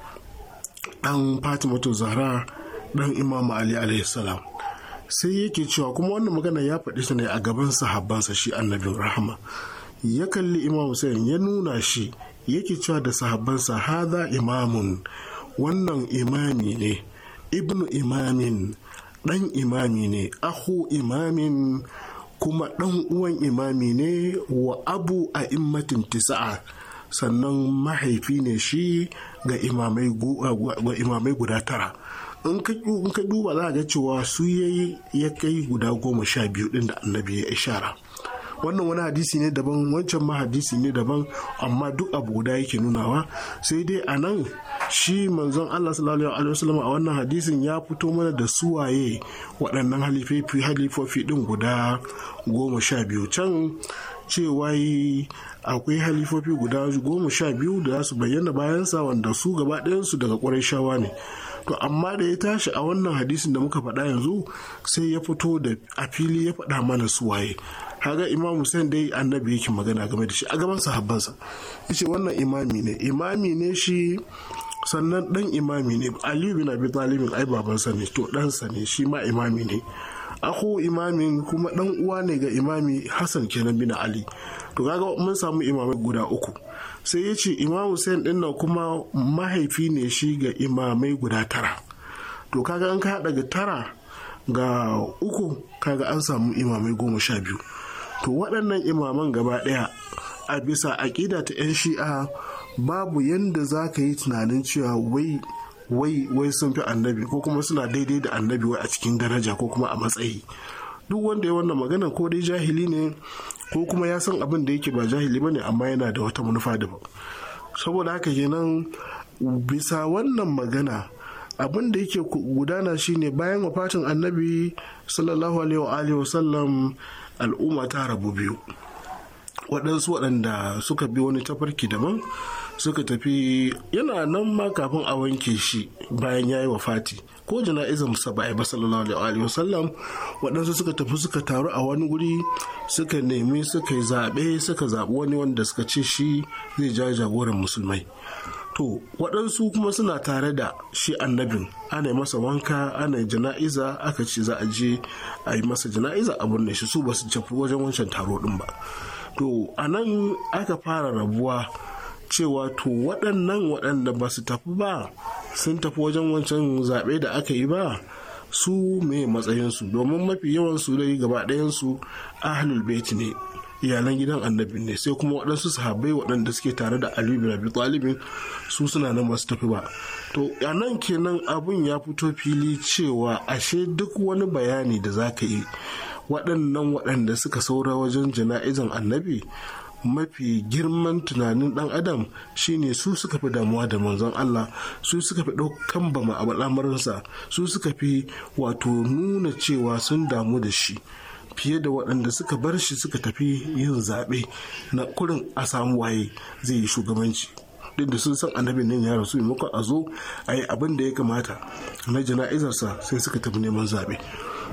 ɗan fatimatu zahra ɗan imam ali alaihi salam sai yake cewa kuma wannan magana ya faɗi su ne a gaban sahabbansa shi annabin rahama ya kalli imam hussein ya nuna shi yake cewa da sahabbansa haza imamun wannan imami ne ibnu imamin ɗan imami ne ahu imamin kuma ɗan uwan imami ne wa abu a immatin tisa'a sannan mahaifi ne shi ga imamai guda tara in ka duba za a ga cewa su yayi ya kai guda goma sha biyu ɗin da annabi ya ishara wannan wani hadisi ne daban wancan ma hadisi ne daban amma duk abu guda yake nunawa sai dai a nan shi manzon Allah sallallahu alaihi wasallam a wannan hadisin ya fito mana da suwaye waɗannan halifofi halifofi din guda goma sha biyu can cewa akwai halifofi guda goma sha biyu da za su bayyana bayansa wanda su gaba su daga ƙwarai shawa ne to amma da ya tashi a wannan hadisin da muka faɗa yanzu sai ya fito da a fili ya faɗa mana suwaye haga imam Hussein dai annabi yake magana game da shi a gaban sahabbansa yace wannan imami ne imami ne shi sannan dan imami ne Aliyu bin Abi Talib ai babansa ne to sa ne shi ma imami ne ako imami kuma dan uwa ne ga imami Hassan kenan bin Ali to kaga mun samu imamai guda uku sai yace imam Hussein din nan kuma mahaifi ne shi ga imamai guda tara to kaga an ka hada ga tara ga uku kaga an samu imamai goma sha biyu to waɗannan imaman gaba ɗaya a bisa aƙida ta 'yan shi'a babu yadda za ka yi tunanin cewa wai wai wai sun fi annabi ko kuma suna daidai da annabi wai a cikin daraja ko kuma a matsayi duk wanda ya wannan magana ko dai jahili ne ko kuma ya san abin da yake ba jahili ba ne amma yana da wata manufa daban saboda haka kenan bisa wannan magana abin da yake gudana shine bayan wafatin annabi sallallahu alaihi wa sallam al'umma ta rabu biyu waɗansu waɗanda suka bi wani tafarki daban suka tafi yana nan ma kafin a wanke shi bayan ya yi wa fati ko jana'izar musa ba a ba sallallahu alaihi wasallam waɗansu suka tafi suka taru a wani wuri suka nemi suka yi zaɓe suka zaɓi wani wanda suka ce shi zai ja jagoran musulmai to waɗansu kuma suna tare da shi annabin ana masa wanka ana jana'iza aka ce za a je a yi masa jana'iza a binne shi su ba su jafi wajen wancan taro ɗin ba to a nan aka fara rabuwa cewa to waɗannan waɗanda ba su tafi ba sun tafi wajen wancan zaɓe da aka yi ba su mai matsayinsu domin mafi yawansu dai gaba ɗayansu ahlul bait ne iyalan gidan annabi ne sai kuma waɗansu sahabai waɗanda suke tare da aliyu bin abi su suna nan masu tafi ba to a nan kenan abun ya fito fili cewa ashe duk wani bayani da za ka yi waɗannan waɗanda suka saura wajen jana'izan annabi mafi girman tunanin dan adam shine su suka fi damuwa da manzon Allah su suka fi ɗaukan bama a su suka fi wato nuna cewa sun damu da shi fiye da waɗanda suka bar shi suka tafi yin zaɓe na kurin a samu waye zai yi shugabanci duk da sun san annabin nan ya rasu maimakon a zo a yi abin da ya kamata na jana'izarsa sai suka tafi neman zaɓe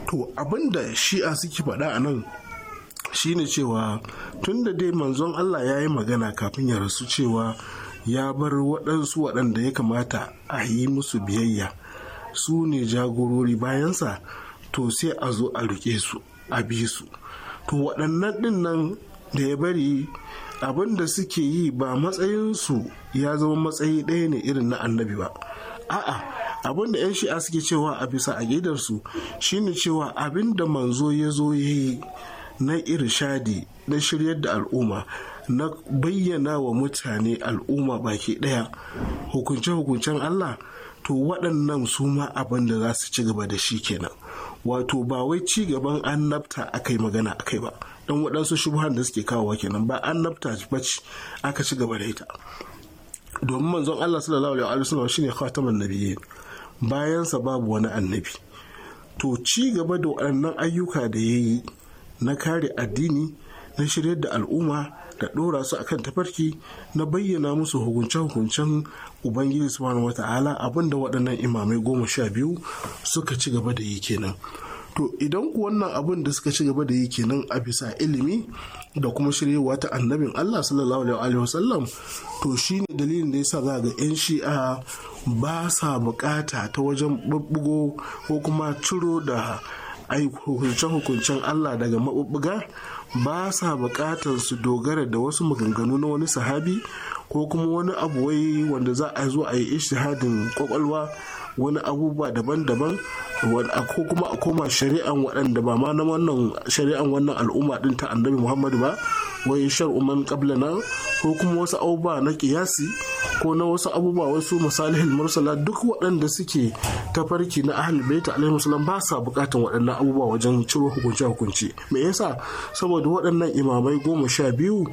to abin da shi'a suke faɗa a nan shine cewa tun da dai manzon allah ya yi magana kafin ya rasu cewa ya bar waɗansu waɗanda ya kamata a yi musu biyayya su ne jagorori bayansa to sai a zo a riƙe su a bi su to waɗannan ɗin nan da ya bari abin da suke yi ba matsayinsu ya zama matsayi ɗaya ne irin na annabi ba a'a abin da 'yan shi'a suke cewa a bisa a gidansu shine cewa abin da manzo ya zo ya yi na irshadi na shiryar da al'umma na bayyana wa mutane al'umma baki ɗaya hukunce-hukuncen allah to waɗannan su ma abin da za su ci gaba da shi kenan wato ba wai ci gaban annabta aka yi magana akai ba don waɗansu shubuhan da suke kawo kenan ba annabta ba ci aka ci gaba da ita domin manzon Allah sallallahu alaihi sallam shine khataman nabiyyin bayan sa babu wani annabi to ci gaba da waɗannan ayyuka da yayi na kare addini na shiryar da al'umma da ɗora su akan tafarki na bayyana musu hukunce-hukuncen ubangiji subhanahu wata'ala abinda waɗannan imamai goma sha biyu suka ci gaba da yi kenan to idan ku wannan abin da suka ci gaba da yi kenan a bisa ilimi da kuma shiryewa ta annabin Allah sallallahu alaihi wasallam to shine dalilin da sa za ga yan shi'a ba sa bukata ta wajen bubbugo ko kuma ciro da hukuncen-hukuncen Allah daga maɓuɓɓuga ba sa bukatar su dogara da wasu maganganu na wani sahabi ko kuma wani abu wai wanda za a zo a yi ishihadin kwakwalwa wani abubuwa daban-daban ko kuma a koma shari'an waɗanda ba ma na wannan shari'an wannan al'umma ɗin ta annabi muhammadu ba wai shar'uman ƙabla na ko kuma wasu abubuwa na kiyasi ko na wasu abubuwa wasu misalihin mursala duk waɗanda suke tafarki na ahal baita alaihi musulam ba sa buƙatan waɗannan abubuwa wajen ciro hukunce hukunci me yasa saboda waɗannan imamai goma sha biyu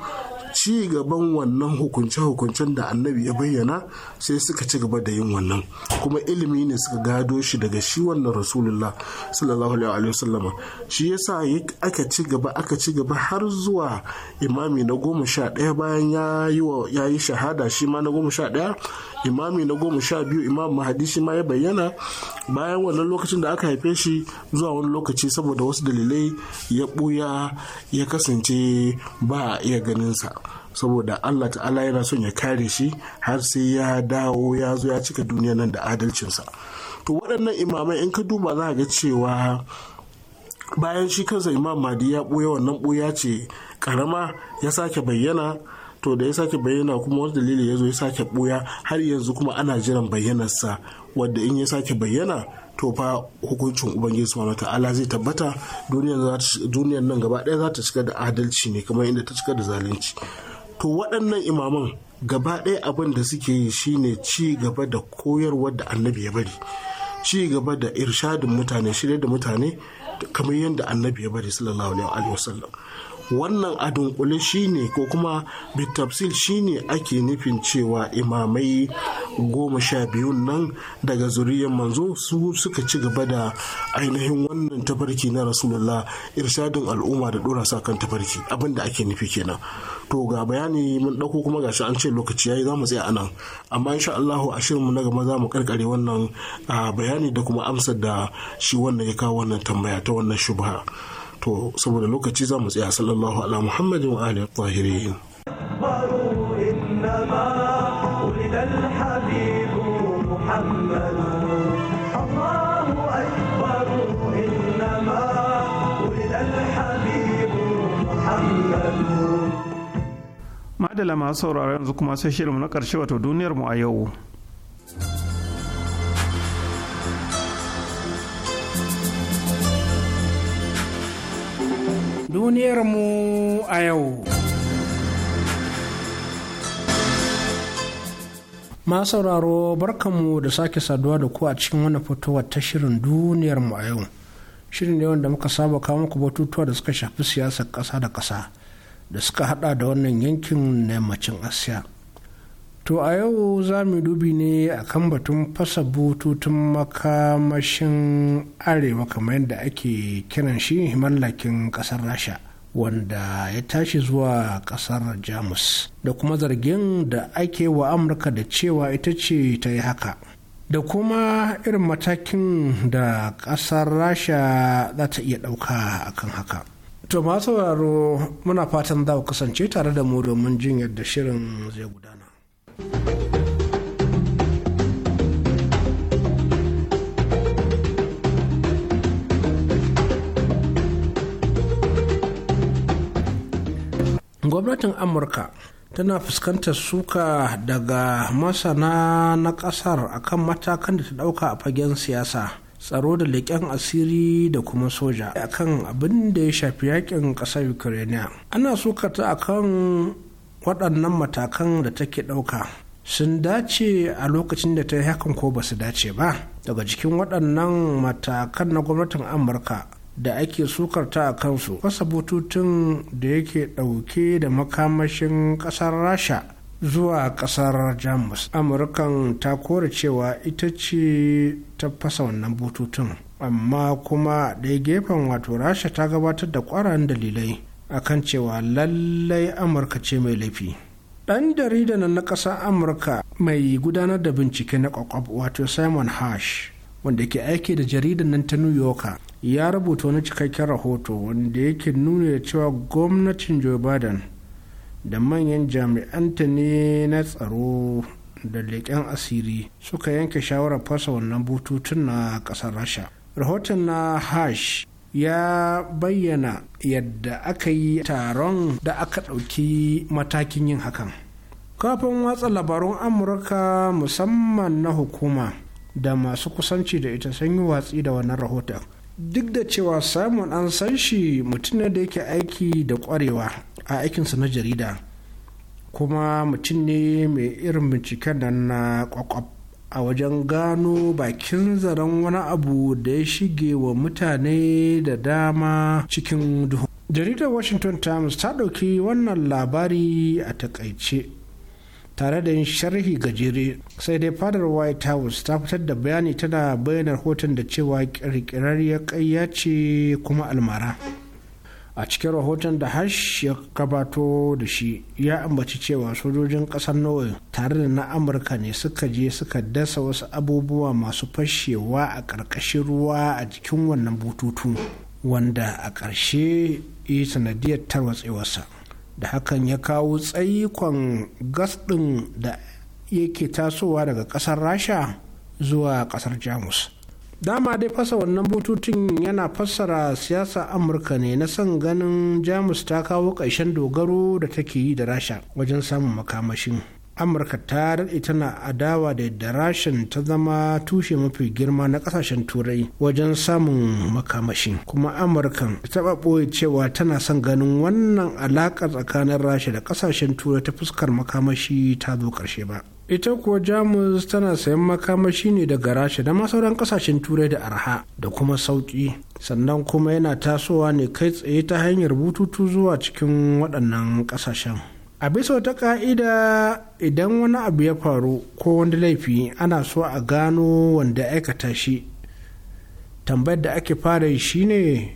ci gaban wannan hukunce-hukuncen da annabi ya bayyana sai suka ci gaba da yin wannan kuma ilimi ne suka gado shi daga shi wannan rasulullah sallallahu alaihi wasallama shi yasa aka ci gaba aka ci gaba har zuwa imami na goma sha ɗaya bayan ya yi shahada shi ma na goma sha ɗaya imami na goma sha biyu imam mahadisi ma ya bayyana bayan wannan lokacin da aka haife shi zuwa wani lokaci saboda wasu dalilai ya ɓuya ya kasance ba a iya ganinsa saboda allah ta'ala yana son ya kare shi har sai ya dawo ya zo ya cika duniya nan da adalcinsa to waɗannan imamai in ka duba za ga cewa bayan shi kansa imam mahdi ya ɓuya wannan ɓuya ce ƙarama ya sake bayyana to da ya sake bayyana kuma wani dalili ya zo ya sake buya har yanzu kuma ana jiran bayyanarsa wadda in ya sake bayyana to fa hukuncin ubangiji wata ala zai tabbata duniyar nan gaba ɗaya za ta cika da adalci ne kamar inda ta cika da zalunci to waɗannan imaman gaba ɗaya abin da suke yi shine ci gaba da koyarwa da annabi ya bari ci gaba da irshadin mutane shirya da mutane kamar yadda annabi ya bari sallallahu alaihi wasallam wannan a dunkule shine ko kuma bitafsil shine ake nufin cewa imamai goma sha biyun nan daga zuriyar manzo su suka ci gaba da ainihin wannan tafarki na rasulullah irshadin al'umma da dora sa kan tafarki abinda ake nufi kenan to ga bayani mun dauko kuma ga an ce lokaci ya yi za mu tsaya anan amma insha Allahu a mu na gaba za mu karkare wannan ah, bayani da kuma amsar da shi wannan ya kawo wannan tambaya ta wannan shubha to saboda lokaci za mu tsaya sallallahu ala muhammadin wa alihi tahirin madala masu sauraro yanzu kuma sai shirinmu na ƙarshe wato duniyarmu a yau Duniyarmu a yau. Ma sauraro barkanmu da sake saduwa da ku a cikin wani fitowar ta shirin duniyarmu a yau. Shirin ne wanda muka saba kawo muku batutuwa da suka shafi siyasar ƙasa da ƙasa da suka hada da wannan yankin na yammacin Asiya. To a yau za mu dubi ne a kan batun fasa bututun makamashin arewa kamar yadda ake kiran shi mallakin ƙasar Rasha wanda ya tashi zuwa ƙasar Jamus da kuma zargin da ake wa Amurka da cewa ita ce ta yi haka. Da kuma irin matakin da ƙasar Rasha za ta iya ɗauka akan haka. To masu sauraro muna fatan za ku kasance tare da mu domin jin yadda shirin zai gudana. gwamnatin amurka tana fuskantar suka daga masana na kasar akan matakan da ta dauka a fagen siyasa tsaro da leƙen asiri da kuma soja akan abin da ya shafi yakin ƙasar ukraine ana suka ta akan waɗannan matakan da take ɗauka sun dace a lokacin da ta yi hakan ko ba su dace ba daga cikin waɗannan matakan na gwamnatin amurka da ake sukarta a kansu wasa bututun da yake ɗauke da makamashin ƙasar rasha zuwa ƙasar jamus amurkan ta kore cewa ita ce ta fasa wannan bututun amma kuma ɗaya gefen wato rasha ta gabatar da ƙwararren dalilai akan cewa lallai amurka ce mai laifi ɗan jarida na na ƙasar amurka mai gudanar da bincike na ƙwaƙwaf wato simon hash wanda ke aiki da jaridar nan ta new yorker ya rubuta wani cikakken rahoto wanda yake nuna da cewa gwamnatin joe biden da manyan jami'anta ne na tsaro da leƙen asiri suka yanke shawarar fasa wannan bututun na ƙasar rasha rahoton na hash ya bayyana yadda aka yi taron da aka ɗauki matakin yin hakan kafin watsa labarun amurka musamman na hukuma da masu kusanci da ita sun yi watsi da wannan rahoton duk da cewa samun an san shi mutum ne da yake aiki da kwarewa a aikinsa na jarida kuma mutum ne mai irin binciken da na kwakwab a wajen gano bakin zaren wani abu da ya shige wa mutane da dama cikin duhu. jaridar washington times ta ɗauki wannan labari a takaice tare da yin sharhi gajere sai dai fadar white house ta fitar da bayani tana bayyana hoton da cewa kirkirar ya ce kuma almara. a cikin rahoton da hash ya gabato da shi ya ambaci cewa sojojin ƙasar norway tare da na amurka ne suka je suka dasa wasu abubuwa masu fashewa a ƙarƙashin ruwa a jikin wannan bututu wanda a ƙarshe ya sanadiyar tarwatsewarsa da hakan ya kawo tsaikon gas ɗin da yake tasowa daga ƙasar rasha zuwa ƙasar jamus dama dai fasa wannan bututun yana fassara siyasa amurka ne na son ganin jamus ta kawo ƙarshen dogaro da take yi da rasha wajen samun makamashin amurka ta daɗe tana adawa da yadda rashin ta zama tushe mafi girma na ƙasashen turai wajen samun makamashin kuma amurkan taɓa ɓoye cewa tana son ganin wannan alaƙa tsakanin rasha da ƙasashen turai ta fuskar makamashi ta zo ƙarshe ba ita kuwa jamus tana sayan makamashi ne daga rasha da sauran kasashen turai da arha da kuma sauki sannan kuma yana tasowa ne kai tsaye ta hanyar bututu zuwa cikin waɗannan kasashen a bisa wata ka'ida idan wani abu ya faru ko wani laifi ana so a gano wanda aikata shi tambayar da ake fara yi shine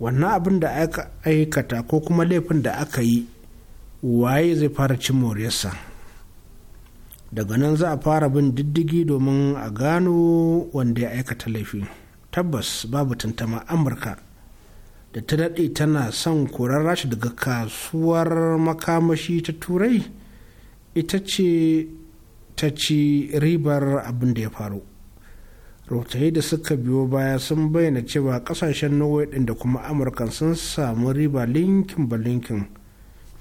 wannan abin da aka aikata ko kuma laifin da aka yi waye zai fara cin moriyarsa daga nan za a fara bin diddigi domin a gano wanda ya aikata laifi tabbas babu tantama amurka da ta daɗe tana son koran rashi daga kasuwar makamashi ta turai ita ce ta ci ribar abin da ya faru rahotanni da suka biyo baya sun bayyana cewa kasashen norway ɗin da kuma amurka sun samu riba linkin ba linkin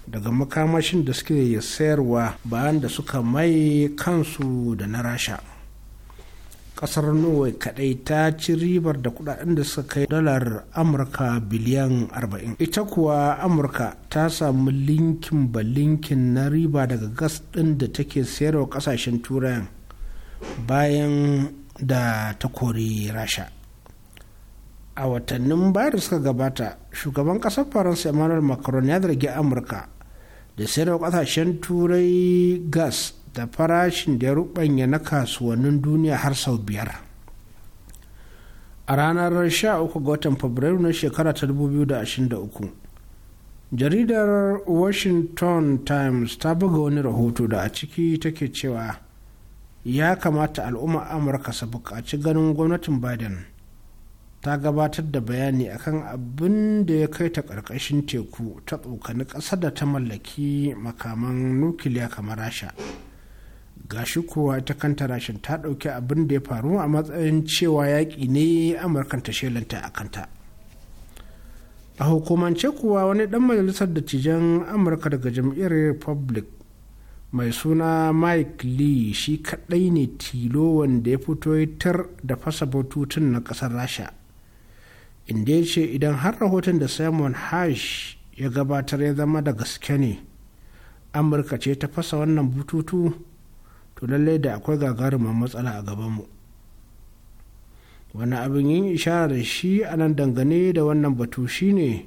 daga makamashin da suke sayarwa bayan da suka mai kansu da na rasha kasar norway kadai ta ci ribar da kudaden da suka kai dalar amurka biliyan 40 ita kuwa amurka ta samu linkin ba linkin na riba daga gas din da take sayarwa kasashen turai bayan da ta kori rasha a watannin baya da suka gabata shugaban kasar faransa emmanuel macron ya zargi amurka da sayarwa kasashen turai gas da farashin da ya rubanya na kasuwannin duniya har sau biyar a ranar 13 ga watan fabrairu na shekara ta 2023 jaridar washington times ta buga wani rahoto da a ciki take cewa ya kamata al'ummar amurka su buƙaci ganin gwamnatin biden ta gabatar da bayani akan abin da ya kai ta ƙarƙashin teku ta tsokani ƙasar da ta mallaki makaman nukiliya kamar rasha ga shi kowa ita kanta rashin ta ɗauki abin da ya faru a matsayin cewa yaƙi ne amurkan ta shelanta a kanta a hukumance kuwa wani ɗan majalisar dattijan amurka daga jam'iyyar republic mai suna mike lee shi kaɗai ne tilo wanda ya fito tar da fasa bututun na ƙasar rasha inda ya ce idan har rahoton da simon hash ya gabatar ya zama da gaske ne amurka ce ta fasa wannan bututu to lallai da akwai gagarumar matsala a gabanmu wani abin yin ishara da shi a nan dangane da wannan batu shine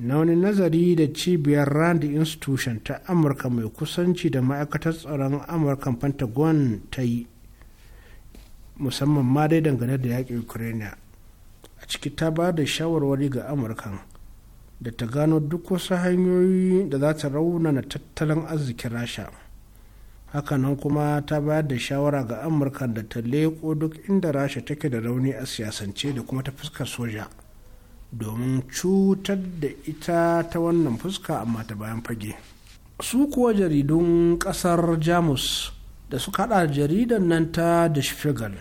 na wani nazari da cibiyar rand institution ta amurka mai kusanci da ma'aikatar tsaron amurka pentagon ta yi musamman ma dai dangane da yaƙin ukraine a ciki ta ba da shawarwari ga amurkan da ta gano duk wasu hanyoyi da za ta raunana tattalin arzikin rasha hakanan kuma ta ba da shawara ga amurka da ta leko duk inda rasha take da rauni a siyasance da kuma ta fuskar soja domin cutar da ita ta wannan fuska amma ta bayan fage su kuwa jaridun kasar jamus da suka hada jaridan nan ta da shifigal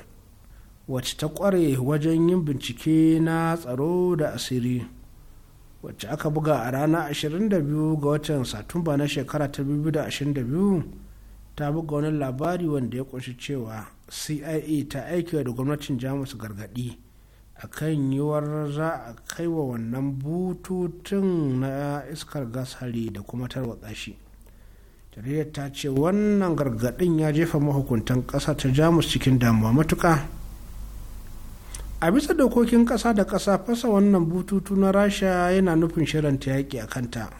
wacce ta kware wajen yin bincike na tsaro da asiri wacce aka buga a ranar 22 ga watan satumba na shekara ta 2022 ta buga wani labari wanda ya kunshi cewa cia ta aiki da gwamnatin jamus gargadi a kan yiwuwar za a kai wa wannan bututun na iskar gas hari da kuma tarwatsa shi jaridar ta ce wannan gargadin ya jefa mahukuntan ƙasa ta jamus cikin damuwa matuka a bisa dokokin kasa da kasa fasa wannan bututu na rasha yana nufin shirin ta yaƙi a kanta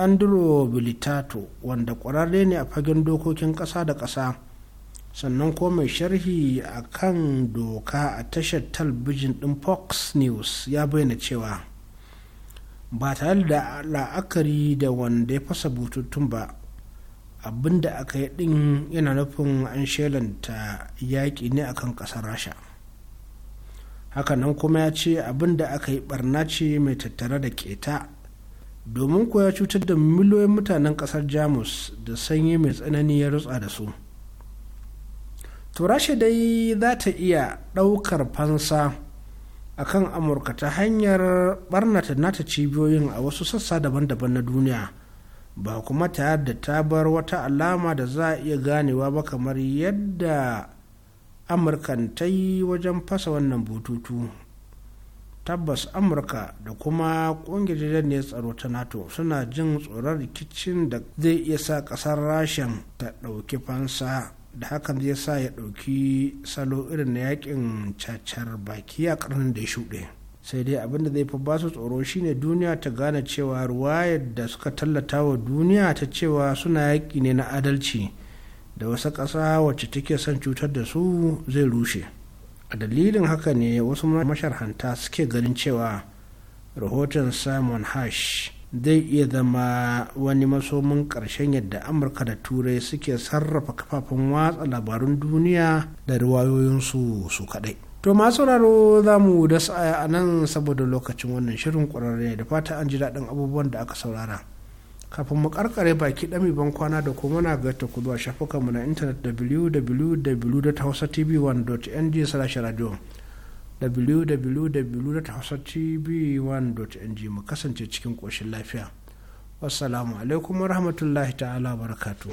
andrew bilitato wanda ƙwararre ne a fagen dokokin kasa da kasa sannan ko mai sharhi a kan doka a tashar talbijin ɗin fox news ya bayyana cewa ba tare da la'akari da wanda ya fasa bututun ba abinda aka yi ɗin yana nufin an shelanta yaƙi ne akan ƙasar rasha hakanan kuma ya ce abin da aka yi barna ce mai tattare da keta domin kuwa ya cutar da miliyoyin mutanen kasar jamus da sanyi mai tsanani ya rutsa da su turashe dai za ta iya ɗaukar fansa a kan amurka ta hanyar barnata nata cibiyoyin a wasu sassa daban-daban na duniya ba kuma ta da ta bar wata alama da za a iya ganewa ba kamar yadda amurkan ta yi wajen fasa wannan bututu tabbas amurka da kuma kungiyar ne tsaro ta nato suna jin tsoron rikicin da zai iya sa kasar rashin ta ɗauki fansa da hakan zai sa ya ɗauki salo irin na yakin cacar baki a ƙarnin da ya shuɗe sai dai abin da zai fi ba su tsoro shine duniya ta gane cewa ruwayar da suka tallata wa duniya ta cewa suna yaƙi ne na adalci da wasu ƙasa wacce take son cutar da su zai rushe a dalilin haka ne wasu masharhanta suke ganin cewa rahoton simon hash zai iya zama wani masomin ƙarshen yadda amurka da turai suke sarrafa kafafen watsa labarun duniya da riwayoyinsu su kaɗai to masu sauraro za mu dasa a nan saboda lokacin wannan shirin ƙwararre da fata an ji daɗin abubuwan da aka saurara kafin mu karkare baki dami ban kwana da kuma na ga ku zuwa shafukanmu na intanet www.hausatv1.ng slash radio www.hausatv1.ng mu kasance cikin koshin lafiya wassalamu alaikum warahmatullahi ta'ala barakatu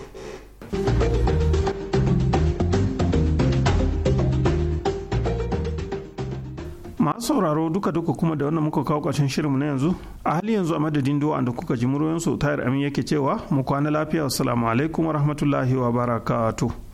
masu sauraro duka duka kuma da wannan muka kawo ƙarshen shirinmu na yanzu a hali yanzu a madadin do'a da kuka ji muryoyin su tayar amin yake cewa mu kwana lafiya assalamu alaikum wa rahmatullahi wa barakatuh